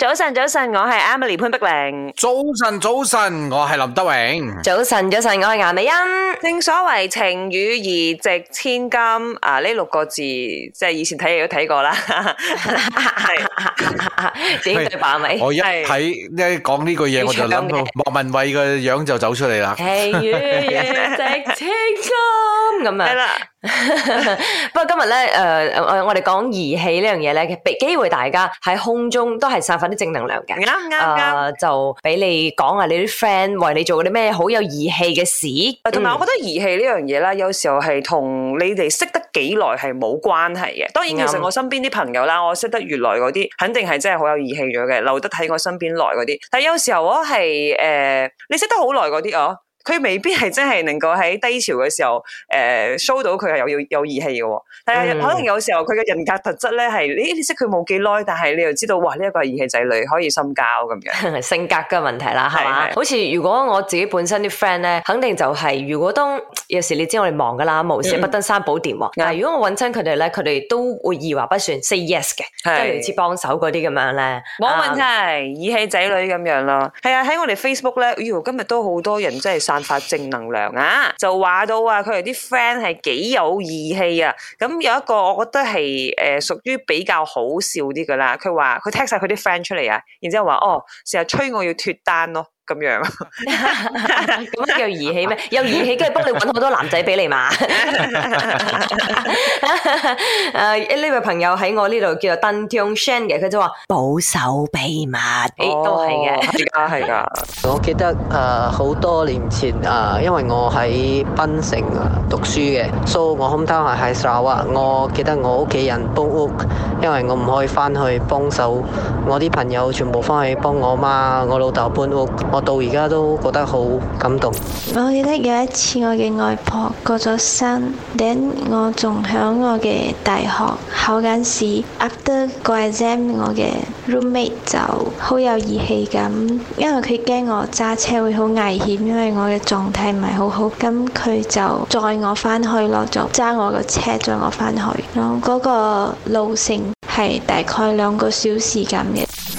早晨，早晨，我係 Emily 潘碧玲。早晨，早晨，我係林德榮。早晨，早晨，我係顏美欣。正所謂情與義值千金啊！呢六個字即係以前睇嘢都睇過啦。自己對版咪係？我一睇一講呢句嘢，我就諗到莫文蔚嘅樣就走出嚟啦。情與義值千金咁啊！係啦 不過今日咧，誒、呃，我我哋講義氣呢樣嘢咧，俾機會大家喺空中都係散發啲正能量嘅。啦、嗯、啱、嗯、啱、呃、就俾你講下，你啲 friend 為你做嗰啲咩好有義氣嘅事。同、嗯、埋，我覺得義氣呢樣嘢咧，有時候係同你哋識得幾耐係冇關係嘅。當然，其實我身邊啲朋友啦，我識得越耐嗰啲，肯定係真係好有義氣咗嘅，留得喺我身邊耐嗰啲。但係有時候我係誒，你識得好耐嗰啲哦。佢未必係真係能夠喺低潮嘅時候，誒、呃、show 到佢係有要有義氣嘅，但係可能有時候佢嘅人格特質咧係，你識佢冇幾耐，但係你又知道，哇呢一、這個係義氣仔女，可以深交咁樣， 性格嘅問題啦，係嘛吧？是是好似如果我自己本身啲 friend 咧，肯定就係如果當。有時你知我哋忙噶啦，無事，嗯、不登三寶殿喎。如果我揾親佢哋咧，佢哋都會二話不算 say yes 嘅，即係是類似幫手嗰啲咁樣咧。冇問題，um, 義氣仔女咁樣咯。係啊，喺我哋 Facebook 咧、哎，今日都好多人真係散發正能量啊！就話到啊，佢哋啲 friend 係幾有義氣啊。咁有一個我覺得係誒、呃、屬於比較好笑啲噶啦，佢話佢 tag 晒佢啲 friend 出嚟啊，然之後話哦，成日催我要脱單咯。咁 樣啊？咁叫義氣咩？有義氣，跟住幫你揾好多男仔俾你嘛？誒 呢、 uh, 位朋友喺我呢度叫做鄧天山嘅，佢就話保守秘密。誒、哎，都係嘅，係㗎、哦，係㗎。 我記得誒好、uh, 多年前誒，uh, 因為我喺檳城讀書嘅，所、so, 以我好貪係係傻啊！我記得我屋企人搬屋，因為我唔可以翻去幫手，我啲朋友全部翻去幫我媽、我老豆搬屋。到而家都覺得好感動。我記得有一次，我嘅外婆過咗身，我仲喺我嘅大學考緊試。After 個 exam 我嘅 roommate 就好有義氣咁，因為佢驚我揸車會好危險，因為我嘅狀態唔係好好。咁佢就載我翻去咯，就揸我個車載我翻去。咁嗰個路程係大概兩個小時咁嘅。